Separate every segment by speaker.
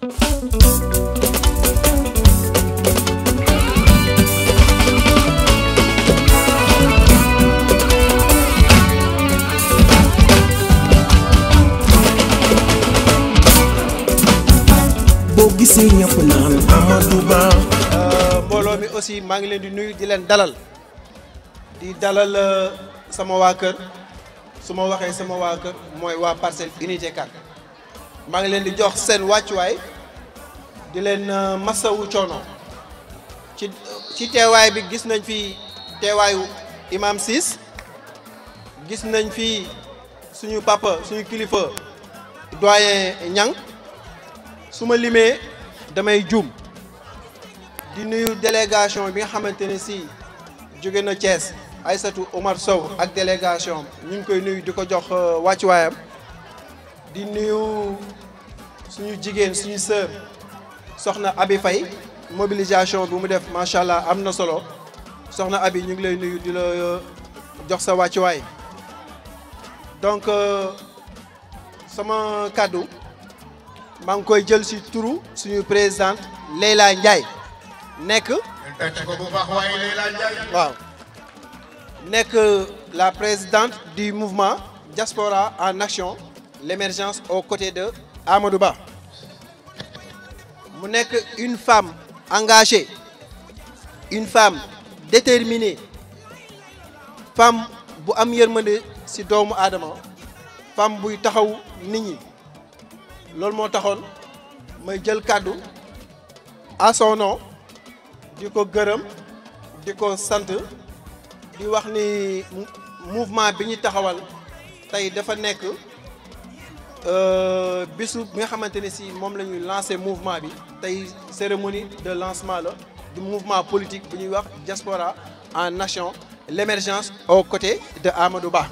Speaker 1: boo gisee ñëpp naan Amadou Ba. Euh, mbooloo mi aussi maa ngi leen di nuyu di leen dalal di dalal euh, sama waa kër su ma waxee sama waa kër mooy waa parcelle unité 4. maa ngi leen di jox seen wàccuwaay di leen euh, masawu coono ci ci teewaay bi gis nañ fi teewaayu imam Ciss gis nañ fi suñu papa suñu kilifa doyen Niang su ma limee damay juum di nuyu délégation bi nga xamante ne si jóge na Thiès Aïssatou Omar Sow ak délégation ñu ngi koy nuyu di ko jox euh, wàccuwaayam di nuyu suñu jigéen suñu sœur soxna Abi fay mobilisation bi mu def macha allah am na solo soxna Abi ñu ngi lay nuyu di la euh, jox sa wàccuwaay donc euh, sama kàddu maa ngi koy jël ci turu suñu présidente Leila Ndiaye nekk. ko bu baax waaye Leila Ndiaye. waaw nekk la présidente du mouvement jaspora en action. l'émergence aux côté de Amadou Ba mu nekk une femme engagée une femme déterminé femme bu am yërmande ci doomu aadama femme buy taxaw nit ñi loolu moo taxoon may jël kàddu à son nom di ko gërëm di ko sant di wax ni mouvement bi ñu taxawal tey dafa nekk Euh, bisu bi nga xamante ne si moom la ñuy lancé mouvement bi tey cérémonie de lancement la du mouvement politique bu ñuy wax diaspora en nation l' au côté côtés de Amadou Ba.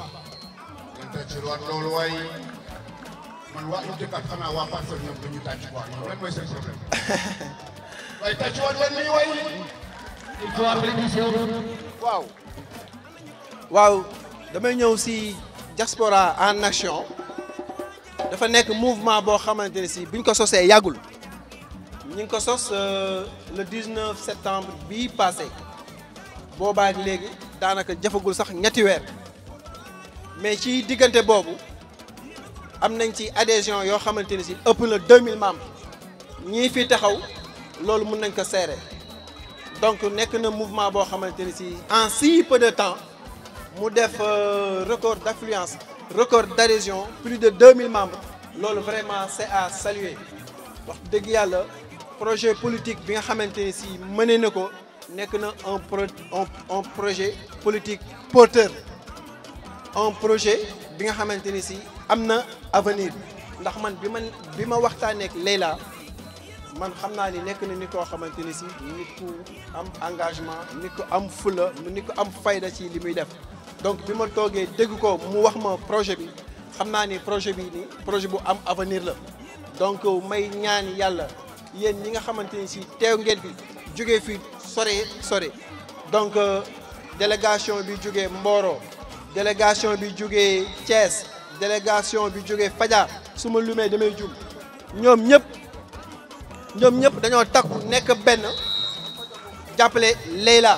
Speaker 1: waaw. waaw damay ñëw si diaspora en nation. dafa nekk mouvement boo xamante ne si buñ ko sosee yàggul ñu ngi ko sos euh, le 19 septembre bii passé boobaa ak léegi daanaka jafagul sax ñetti weer mais ci diggante boobu am nañ ci adhésion yoo xamante ne si ëpp na 2000 membres ñii fi taxaw loolu mun nañ ko seere donc nekk na mouvement boo xamante ne si en si peu de temps mu def euh, record d'affluence record d'adhésion plus de mille membres loolu vraiment c'est à saluer wax dëgg yàlla projet politique bi nga xamante ne si mëne na ko nekk na un un projet politique porteur un projet bi nga xamante ni si am na avenir ndax man bi man bi ma waxtaanee ak Leila man xam naa ni nekk na ni koo xamante ni si nit ku am engagement nit ku am fula ni ku am fayda ci li muy def donc bi ma toogee dégg ko mu wax ma projet bi xam naa ni projet bi ni projet bu am avenir la donc may ñaan yàlla yéen ñi nga xamante ni si teew ngeen fi jógee fi sore sore donc délégation bi jógee Mboro délégation bi jógee Thiès délégation bi jógee Fadia su ma lumee damay jum ñoom ñëpp ñoom ñëpp dañoo takku nekk benn jàppale Leila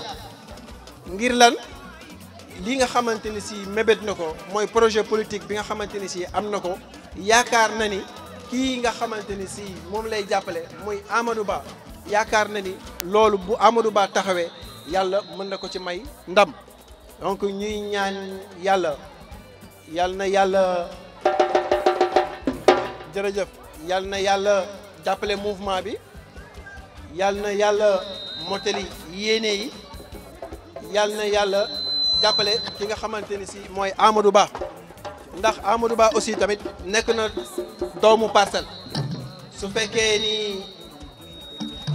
Speaker 1: ngir lan lii nga xamante ni si mébét na ko mooy projet politique bi nga xamante ni si am na ko yaakaar na ni kii nga xamante ni si moom lay jàppale mooy Amadou Ba yaakaar na ni loolu bu Amadou Ba taxawee yàlla mën na ko ci may ndam donc ñuy ñaan yàlla yàlla na yàlla jërëjëf yàlla na yàlla jàppale mouvement bi yàlla na yàlla motali yéene yi yàlla na yàlla jàppale ki nga xamante ni si mooy Amadou Ba ndax Amadou Ba aussi tamit nekk na doomu parcelle su fekkee ni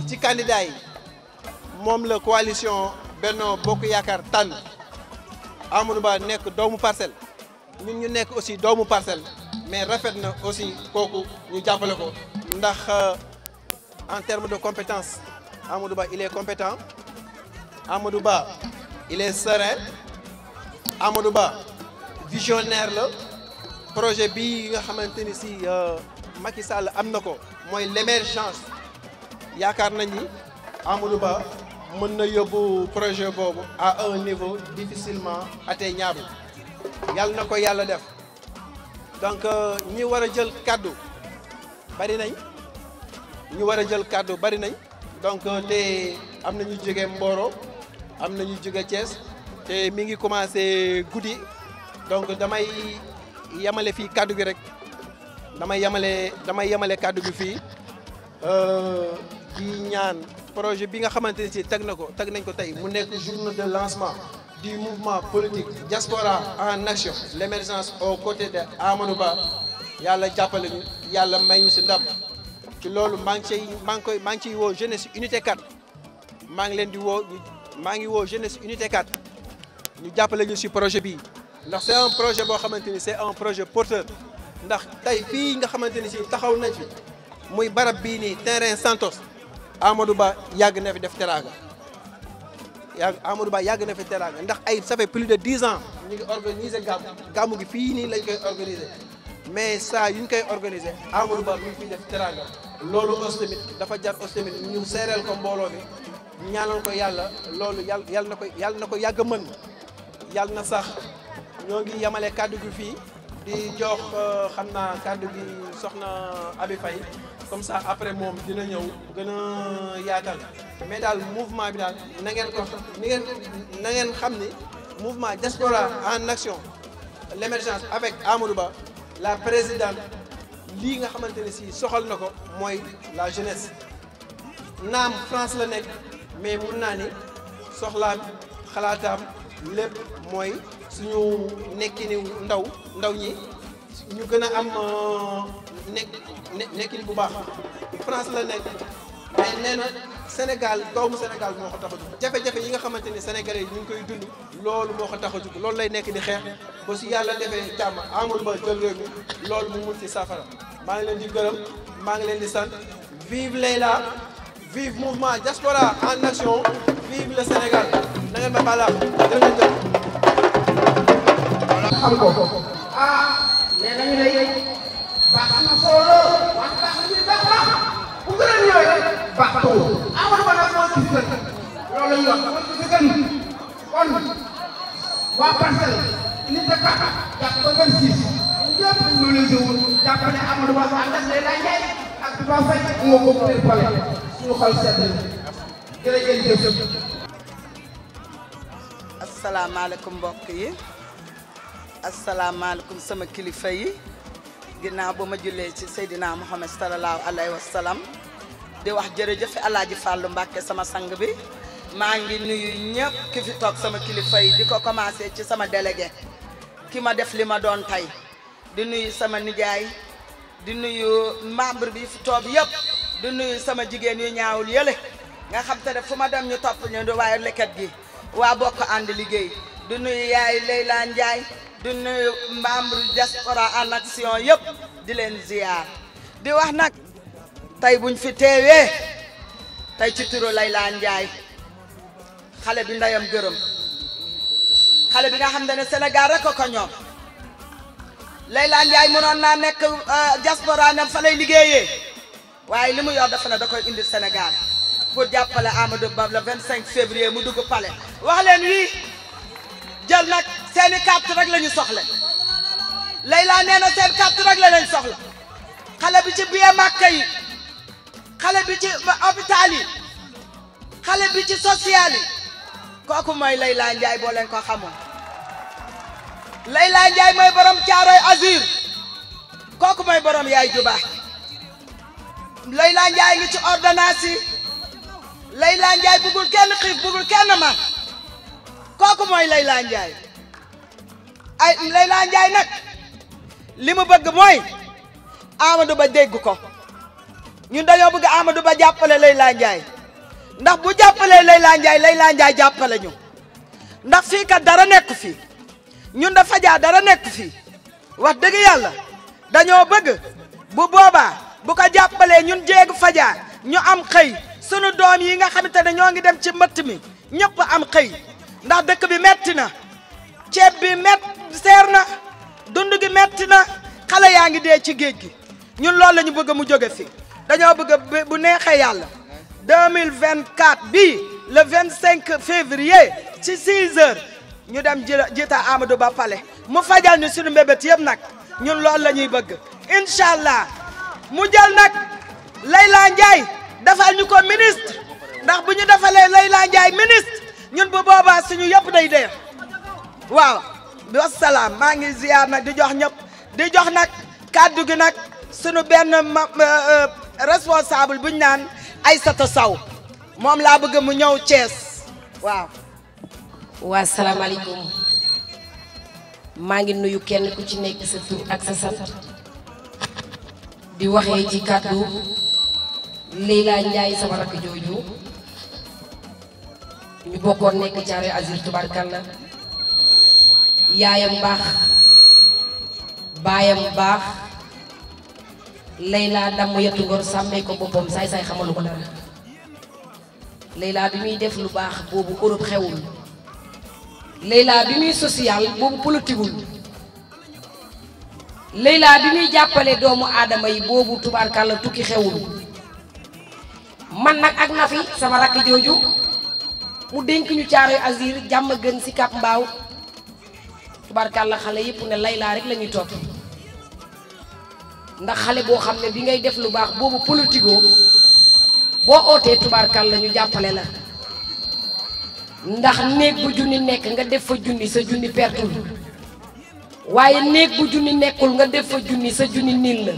Speaker 1: ci candidat moom la coalition Benno Bokk Yaakaar tànn Amadou Ba nekk doomu parcelle ñun ñu nekk aussi doomu parcelle mais rafet na aussi kooku ñu jàppale ko ndax euh, en termes de compétence Amadou Ba il est compétent Amadou Ba il serein Amadou Ba visionnaire la projet bi nga xamante ni si euh, Macky Sall am na ko mooy l'émergence yaakaar nañ ni Amadou Ba mën na yóbbu projet boobu a un niveau difficilement atteignable yàlla na ko yàlla def donc euh, ñi war a jël kàddu bari nañ ñu war a jël kàddu bari nañ donc euh, te am na ñu jóge Mboro am na ñu jóge Thiès. te mi ngi commencé guddi donc damay yamale fii kàddu gi rek damay yemale damay yemale kàddu gi fii euh, di ñaan projet bi nga xamante ne si teg na ko teg nañ ko tey mu nekk journée de lancement di mouvement politique diaspora en nation l'émergence aux côtés de Amadou Ba yàlla jàppale ñu yàlla may ñu si ndam ci loolu maa ngi ciy maa ngi koy maa ngi ciy woo jeunesse unité 4 maa ngi leen di woo maa ngi woo jeunesse unité kat ñu jàppale ñu si projet bii ndax c'est un projet boo xamante ni c'est un projet porteur ndax tey fii nga xamante ni si taxaw nañ fi muy barab bii nii terrain Santos Amadou Ba yàgg na fi def teraanga yàgg Amadou Ba yàgg na fi teraanga ndax ay ça fait plus de dix ans ñu ngi organiser gàmmu gàmmu gi fii nii lañ koy organiser mais saa yu ñu koy organiser Amadou Ba mi ngi def teraanga loolu aussi tamit dafa jar aussi tamit ñu seereel ko mbooloo mi ñaanal ko yàlla loolu yàlla yàlla na ko yàlla na ko yàgg mën yàlla na sax ñoo ngi yemale kàddu gi fii di jox euh, xam naa kàddu gi soxna Abi comme ça après moom dina ñëw gën a yaatal daal mouvement bi daal na ngeen ko ni ngeen na ngeen xam ni mouvement diaspora en action l'émergence avec Amadou Ba la présidente lii nga xamante ne si soxal na ko mooy la jeunesse naam France la nekk mais mun naa ni soxlaam xalaataam lépp mooy suñu nekkini ndaw ndaw ñi ñu gën a am euh, nekk nekkin bu baax France la nekk mais nee na Sénégal doomu Sénégal moo ko tax a jug jafe-jafe yi nga xamante ni sénégalais yi ñu ngi koy dund loolu moo ko tax a jug loolu lay nekk di xeex ba su yàlla defee jàmm amul ba jël réew loolu mu mun ci saafara maa ngi leen di gërëm maa ngi leen di sant vive Leila vive mouvement diaspora en action vive le Sénégal na ngeen ma baalaam jërëjëf xam ko
Speaker 2: ah nee nañu ne baax na solo wax baax na baax baax bu gën a ñëwee baax taw amoon ma nag moo ci gën loolu ñu wax moo ci gën kon waa parcelle nit a kàq jàpp ba vingt six ñëpp mobilisé wu jàpp ne Amadou Ba ànd ak Leila Ndiaye ak Touba Faye moo ko suñu xol sedd jërëjëf
Speaker 3: asalaamaaleykum mbokk yi asalaamaaleykum sama kilifa yi ginnaaw boo ma jullee ci Seydina Muhammad salallaahu alayhi wa salaam di wax jërëjëf Alaaji Fàllu Mbàkke sama sang bi maa ngi nuyu ñépp ki fi toog sama kilifa yi di ko commencé ci sama délégué ki ma def li ma doon tey di nuyu sama nijaay di nuyu membre bi fi toog yëpp di nuyu sama jigéen yu ñaawul yële nga xam te ne fu ma dem ñu topp ñu waaye leket gi waa bokk ànd liggéey du nuyu yaay Leyla Ndiaye du nuyu membre diaspora en action yëpp di leen ziar di wax nag tey buñ fi teewee tey ci lay Leyla Ndiaye xale bi ndeyam gërëm xale bi nga xam ne Sénégal rek ko ñoom Leyla Ndiaye mënoon naa nekk euh, diaspora nam fa lay liggéeyee waaye li mu yor dafa ne da koy indi Sénégal pour jàppale Amadou Ba le 25 février mu dugg palais wax leen wii jël nag seeni carte rek la ñu soxla Layla nee na seen carte leen soxla xale bi ci biir màkka yi xale bi ci hôpital yi xale bi ci yi kooku mooy Layla Ndiaye boo ko xamoon Layla Ndiaye mooy borom caaroy azur kooku mooy borom yaay juba Layla Ndiaye ngi ci ordonnance yi Layla Ndiaye bëggul kenn xiif bëggul kenn kooku mooy Layla Ndiaye ay Layla Ndiaye nag li mu bëgg mooy Amadou Ba dégg ko ñun dañoo bëgg Amadou Ba jàppale Layla jaay ndax bu jàppalee Layla Ndiaye Layla Ndiaye jàppale ñu ndax fii kat dara nekk fii ñun dafa jaa dara nekk fi wax dëgg yàlla dañoo bëgg bu boobaa bu ko jàppalee ñun jéegu fajaa ñu am xëy sunu doom yi nga xamante ne ñoo ngi dem ci mbëtt mi ñëpp am xëy ndax dëkk bi metti na ceeb bi mett seer na dund gi metti na xale yaa ngi dee ci géej gi ñun lool lañu bëgg mu jóge fi dañoo bëgg bu neexee yàlla 2024 bii le 25 février ci 6 heures ñu dem ji jiita Amadou Ba pale mu fajal ñu suñu mbébét yëpp nag ñun lool la ñuy bëgg incha allah mu jël nag Layla Ndiaye defal ñu ko ministre ndax bu ñu defalee Layla Ndiaye ministre ñun bu boobaa suñu yëpp day dee waaw wasalaam maa ngi ziar nag di jox ñëpp di jox nag kàddu gi nag suñu benn euh, responsable buñ naan Aysata Saw moom laa bëgg mu ñëw Thiès waaw
Speaker 4: waa maa ngi nuyu kenn ku ci nekk sa tur ak sa sant
Speaker 5: di waxee ci kàddu
Speaker 4: Leila Ndiaye sama rakk jooju ñu bokkoon nekk caare azir tubarkalla yaayam baax baayam baax Layla damm yettu ngor sàmmee ko boppam saay-saay xamalu ko dara Layla bi muy def lu baax boobu Europe xewul Layla bi muy social bi muy jàppale doomu aadama yi boobu tubarkalla tukki xewul man nag ak Nafi sama rakk jooju bu dénk ñu caaroy azur jàmm gën si kap mbaaw la xale yëpp ne laylaa rek la ñuy topp ndax xale boo xam ne bi ngay def lu baax boobu politigo boo ootee tubarkàlla ñu jàppale la ndax néeg bu junni nekk nga def fa junni sa junni pertul waaye néeg bu junni nekkul nga def fa junni sa junni niil la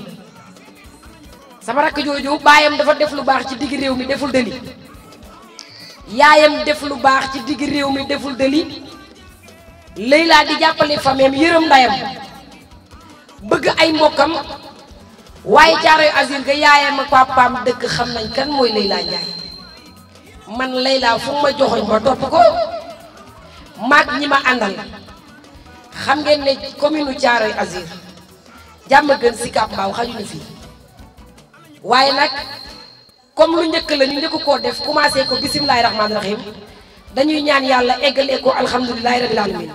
Speaker 4: sama rakk jooju baayam dafa def lu baax ci diggu réew mi deful dëli yaayam def lu baax ci digg réew mi deful dëli Leyla di jàppale fameem yërëm ndayam bëgg ay mbokkam waaye caaroy asir ga yaayam ak papaam dëkk xam nañ kan mooy Leyla Njaay man Leyla fu ma joxoñ ba topp ko maag ñi ma àndal xam ngeen ne commune u caaroy asir jàmm gën si kàmbaaw xajuñu fii waaye nag comme lu njëkk la ñu njëkk ko def commencé ko bisimilahi rahmaani rahim dañuy ñaan yàlla eggalee ko alhamdulilahi rabil alamin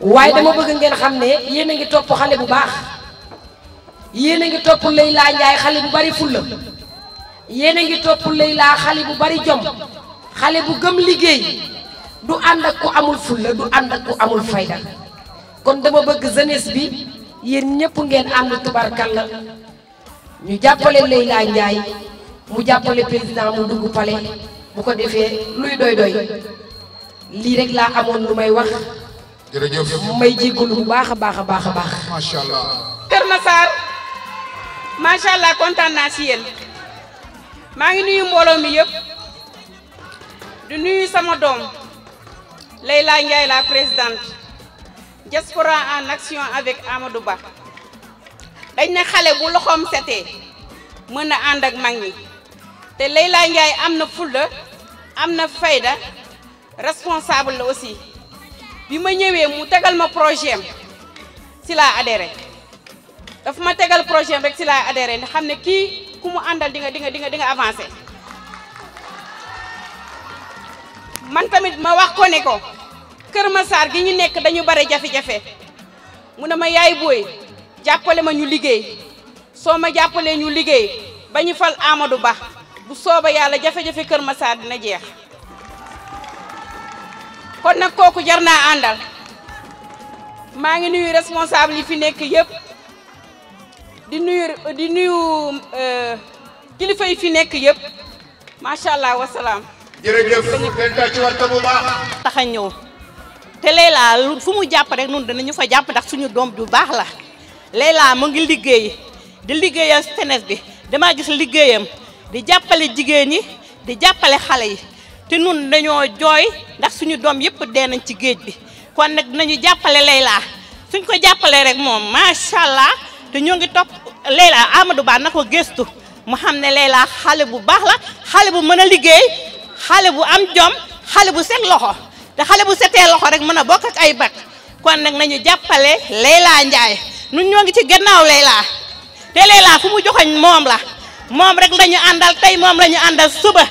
Speaker 4: waaye dama bëgg ngeen xam ne yéen a ngi topp xale bu baax yéen a ngi topp Leila Ndiaye xale bu bari fulla yéen a ngi topp Leila xale bu bari jom xale bu gëm liggéey du ànd ak ku amul fulla du ànd ak ku amul fayda kon dama bëgg jeunesse bi yéen ñëpp ngeen ànd tubarkalla ñu jàppale Leila Ndiaye mu jàppale président mu dugg palais bu ko defee luy doy doy lii rek laa amoon lu may wax. jërëjëf may jéggalu bu baax a baax a baax a baax.
Speaker 6: macha allah. Kër Massar kontaan naa si maa ngi nuyu mbooloo mi yëpp du nuyu sama doom Leyla Ndiaye la présidente diaspora en action avec Amadou Ba dañ ne xale bu loxoom setee mën na ànd ak mag ñi. te Leyla Ndiaye am na fulla am na fayda responsable la aussi bi ma ñëwee mu tegal ma projet am si laa adhéré daf ma tegal projet am rek si laa adhéré nga xam ne kii ku mu àndal dinga nga di nga di nga di nga avancé man tamit ma wax ko ne ko Kër Massar gi ñu nekk dañu bare jafe-jafe mu ne ma yaay booy jàppale ma ñu liggéey soo ma jàppalee ñu liggéey ba ñu fal Amadou Ba bu sooba yàlla jafe-jafe Kër Massar dina jeex kon nag kooku jar naa àndal maa ngi nuyu responsable yi fi nekk yëpp di nuyu di nuyu euh, kilifa
Speaker 7: yi fi nekk yëpp macha allah wasalaam. jërëjëf leen tàccuwaat bu baax. tax ñëw te Leila fu mu jàpp rek danañu fa jàpp ndax suñu doom ju baax la Leila mu ngi liggéey di liggéeyal senes bi damaa gis liggéeyam. di jàppale jigéen ñi di jàppale xale yi te nun dañoo jooy ndax suñu doom yëpp dee nañ ci géej bi kon nag nañu jàppale Leila suñ ko jàppalee rek moom macha allah te ñoo ngi topp Leila Amadou Ba na ko gëstu mu xam ne Leila xale bu baax la xale bu mën a liggéey xale bu am jom xale bu set loxo te xale bu setee loxo rek mën a bokk ak ay bak kon nag nañu jàppale Leila Ndiaye nun ñoo ngi ci gannaaw Leila te Leila fu mu joxoñ moom la moom rek la ñu àndal tey moom la àndal suba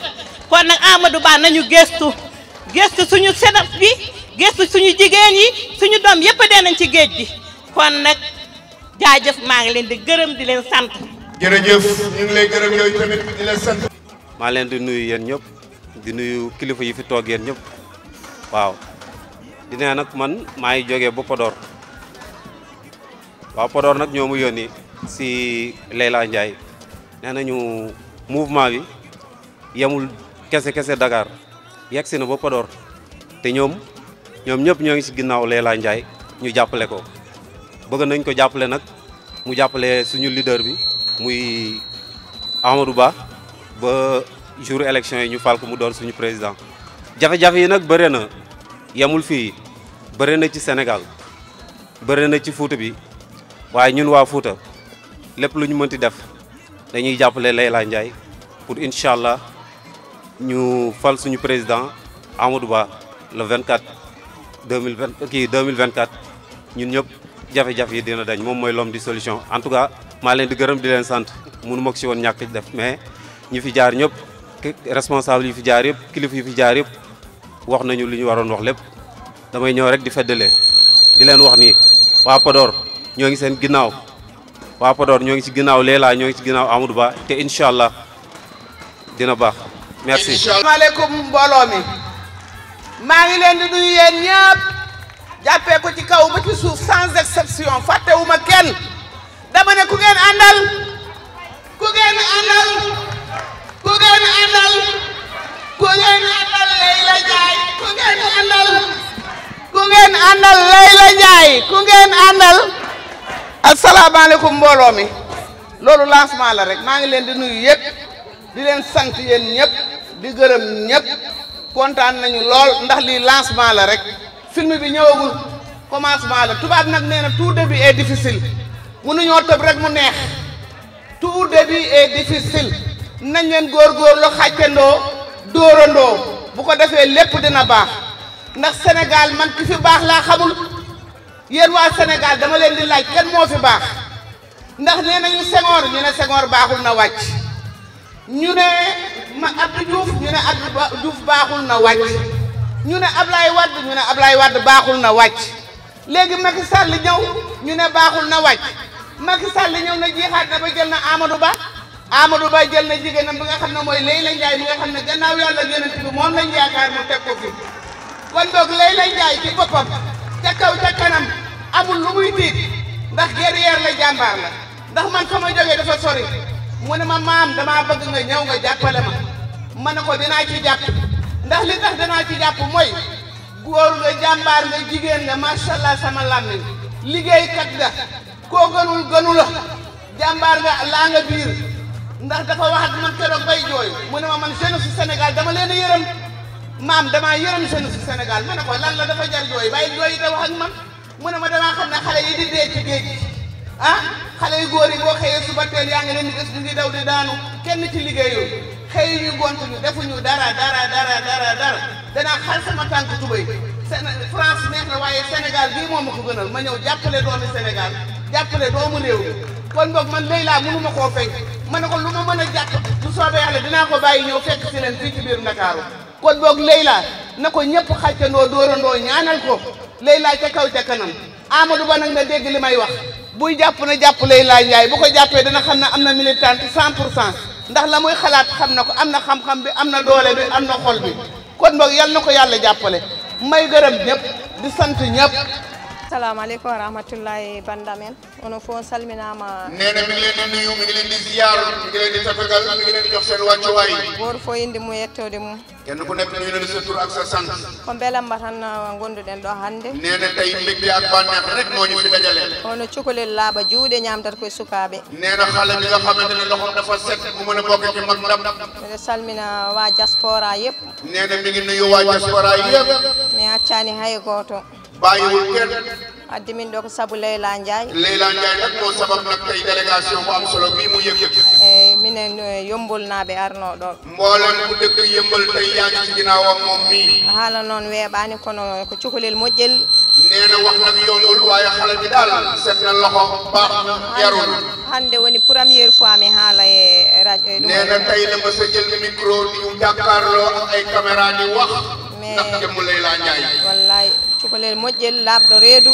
Speaker 7: kon nag Amadou Ba nañu gëstu gëstu suñu sedaf bi gëstu suñu jigéen yi suñu doom yëpp dee nañ ci géej gi kon nag jaajëf maa ngi leen di gërëm di leen sant. jërëjëf ñu ngi leen gërëm yooyu tamit
Speaker 8: di leen sant. maa leen di nuyu yéen ñëpp di nuyu kilifa yi fi toog yéen ñëpp waaw di ne nag man maa ngi jógee ba Podor waaw nag ñoo mu yónni si Leyla Ndiaye. nee nañu mouvement bi yemul kese kese Dakar yegg si na ba Podor te ñoom ñoom ñëpp ñoo ngi si ginnaaw Leela Ndiaye ñu jàppale ko bëgg nañ ko jàppale nag mu jàppale suñu leader bi muy Amadou Ba ba jour élection yi ñu fal mu doon suñu président jafe-jafe yi nag bëre na yemul fii bëre na ci Sénégal bëre na ci Fuuta bi waaye ñun waa Fuuta lépp lu ñu mënti def dañuy jàppale Layla Ndiaye pour incha allah ñu fal suñu président Amadou Ba le 24 2020 kii 2024 ñun ñëpp jafe-jafe yi dina dañ moom mooy lom di solution en tout cas maa leen di gërëm di leen sant mënu ma ko si woon def mais ñu fi jaar ñëpp responsable yi fi jaar yëpp kilifa yi fi jaar yëpp wax nañu li ñu waroon wax lépp damay ñëw rek di feddalee di leen wax nii waa Podor ñoo ngi seen ginnaaw waa Podor ñoo ngi ci ginnaaw Leela ñoo ngi ci ginnaaw Amadou Ba te incha allah dina baax merci.
Speaker 2: asalaamaaleykum mbooloo mi ngi leen di nuyu ñëpp jàppee ko ci kaw ba ci suuf sans exception fàttewuma kenn dama ne ku ngeen àndal ku ngeen àndal ku ngeen àndal ku ngeen ku ngeen àndal asalaamaaleykum mbooloo mi loolu lancement la rek maa ngi leen di nuyu yëpp di leen sant yéen ñëpp di gërëm ñëpp kontaan nañu lool ndax lii lancement la rek film bi ñëwagul commencement la tubaab nag nee na tout début est difficile mënuñoo tëb rek mu neex tout début est difficile nañ leen góor góorgóorlu xàccandoo dóorandoo bu ko defee lépp dina baax ndax Sénégal man ki baax laa xamul. yéen waa Sénégal dama leen di laaj kenn moo fi baax ndax nee nañu Senghor ñu ne Senghor baaxul na wàcc ñu ne ma Abdou Diouf ñu ne Abdou Diouf baaxul na wàcc ñu ne Ablaye Wade ñu ne Ablaye Wade baaxul na wàcc léegi Macky Sall ñëw ñu ne baaxul na wàcc Macky Sall ñëw na jeexaat na ba jël na Amadou Ba Amadou Ba jël na jigéenam bi nga xam ne mooy Leyla Ndiaye mi nga xam ne gannaaw yàlla yonent bi moom lañ yaakaar mu teg ko fi kon boog Leyla Ndiaye ci boppam. ca kaw ca kanam amul lu muy tiit ndax guerrière la jàmbaar la ndax man fa ma jógee dafa sori mu ne ma maam damaa bëgg nga ñëw nga jàppale ma ma ne ko dinaa ci jàpp ndax li tax dinaa ci jàpp mooy góor nga jàmbaar nga jigéen nga macha sama làmmiñ liggéeykat nga koo gënul gënu la jàmbaar nga laa nga biir ndax dafa wax ak man keroog bay jooy mu ne ma man jeune su Sénégal dama leen a maam damaa yërëm jeune su Sénégal ma ne ko lan la dafa jar jooy bàyyi jooy te wax man mu ne ma damaa xam ne xale yi di dee ci géej ah, yu góor yi boo xëyee suba teel yaa ngi leen di gis ñu ngi daw kenn ci liggéeyul xëy ñu gontuñu defuñu dara dara dara dara dara danaa xal sama tànk tubéy France neex na waaye Sénégal bii moom ma ko gënal ma ñëw jàppale doomi Sénégal jàppale doomu réew kon boog man léegi laa mënu ma koo fenk ma ne ko lu ma mën a jàpp bu soobee yàlla dinaa ko bàyyi ñëw fekk si leen fii ci Ndakaaru kon boog Leyla na ko ñëpp xàccandoo dóorandoo ñaanal ko Leyla ca kaw ca kanam Amadou Ba nag na dégg li may wax buy jàpp na jàpp Leyla Ndiaye bu ko jàppee dana xam ne am na militante cent pour cent ndax la muy xalaat xam na ko am na xam-xam bi am na doole bi am na xol bi kon boog yal na ko yàlla jàppale may gërëm ñëpp di sant ñëpp
Speaker 5: assalamu aleykum wa rahmatullahi banda men onon fof on salminama nene mi ngi leen di nuyu mi ngi leen di ziyaar mi ngi leen di tatagal mi ngi leen di jox seen wàccuwaay goto fof inde mum yettode mum
Speaker 9: kenn ku nekk nuyu na la sa tur ak sa sant
Speaker 5: ko belamma tan ah, gonduɗen ɗo hannde nene
Speaker 9: tawi mbégte ak bànneex rek moo ñu fi dajale
Speaker 5: ono cukalel laaɓa juuɗe ñamdata koye sukaaɓe nena
Speaker 9: xale bi nga xamante ne loxom dafa set mu mën a bokk ci mag ndam
Speaker 5: mbiɗa salmina waa diaspora yépp
Speaker 9: nene mi ngi nuyu waa diaspora yépp
Speaker 5: mi haccani hay gooto
Speaker 9: bàyyiwul kenn.
Speaker 5: addimin donc sabu Leyla Ndiaye. Leyla
Speaker 9: sabab nag tey délégation solo bii mu yëkkati.
Speaker 5: E, minen e, yombol naaɓe arnooɗo
Speaker 9: mboolem ku dëkk yëmbal tey yaa ngi ci ginnaawam
Speaker 5: moom mii haala noon weeɓaani kono ko cukalel moƴƴel
Speaker 9: nee na wax nag yombul waaye xale bi daal set na baax na
Speaker 5: yarul woni première fois mi haala e radio e nee na
Speaker 9: tey la ma sa jël micro di jàkkaarloo ak ay caméra di wax ndax jëmm Leyla Ndiaye
Speaker 5: wallaay cukalel moƴƴel labɗo reedu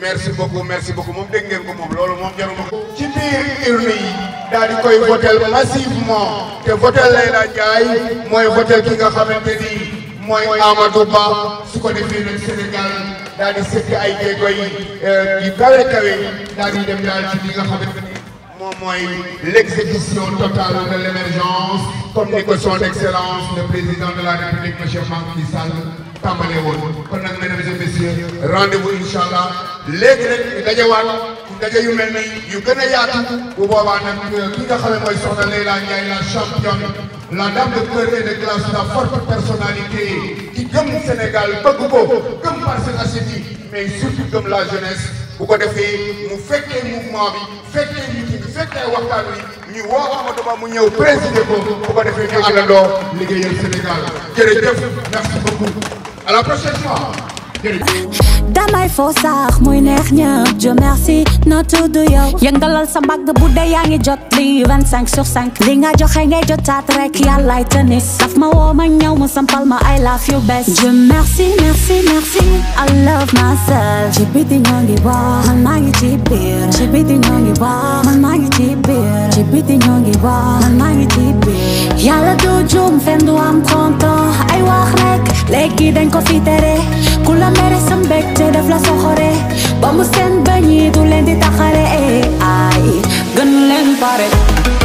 Speaker 9: merci beaucoup merci beaucoup moom dégg ngeen ko moom loolu moom jaruma ko. ci biir urne yi daal di koy votel massivement te votel Layla Ndiaye mooy votel ki nga xamante ni mooy Amadou Ba su ko defee nag Sénégal daal di sëkk ay jéego yi euh, daal di dem daal ci li nga xamante ni moom mooy l'exécution totale de l'émergence comme ni ko son excellence le président de la république monsieur Macky Sall. tàmbalee woon kon nag mesdames et rendez-vous incha léegi nag ñu dajewaat daje yu mel ni yu gën a yaatu bu boobaa nag euh, ki nga xam ne mooy soxna Leila Ndiaye la championne la dame de cœur et de classe la forte personnalité ki gëm Sénégal bëgg ko gëm Parcelles Assainies mais surtout gëm la jeunesse bu ko defee mu fekkee mouvement bi fekkee meeting bi fekkee waxtaan wi ñu woo Amadou Ba mu ñëw présider ko bu ko defee ñu àndandoo liggéeyal Sénégal jërëjëf merci beaucoup. à la prochaine fois.
Speaker 7: damay fo sax muy neex ñëpp je merci na tudd yow yëngalal sa mbagg bu dee yaa ngi jot li 25 sur 5 li nga joxe ngay jotaat rek yàllaay tennis daf ma woo ma ñëw ma sampal ma I love you best je merci merci merci I love myself ci biti ñoo ngi wax man maa ngi ci biir ci biti ñoo ngi wax man maa ngi ci biir ci biti ñoo ngi wax man maa ngi ci biir yàlla du juum fen du am gi dañ ko fi tere ku la mere sa mbégte daf la soxore ba seen bañ du leen di taxale eh, ay gën leen pare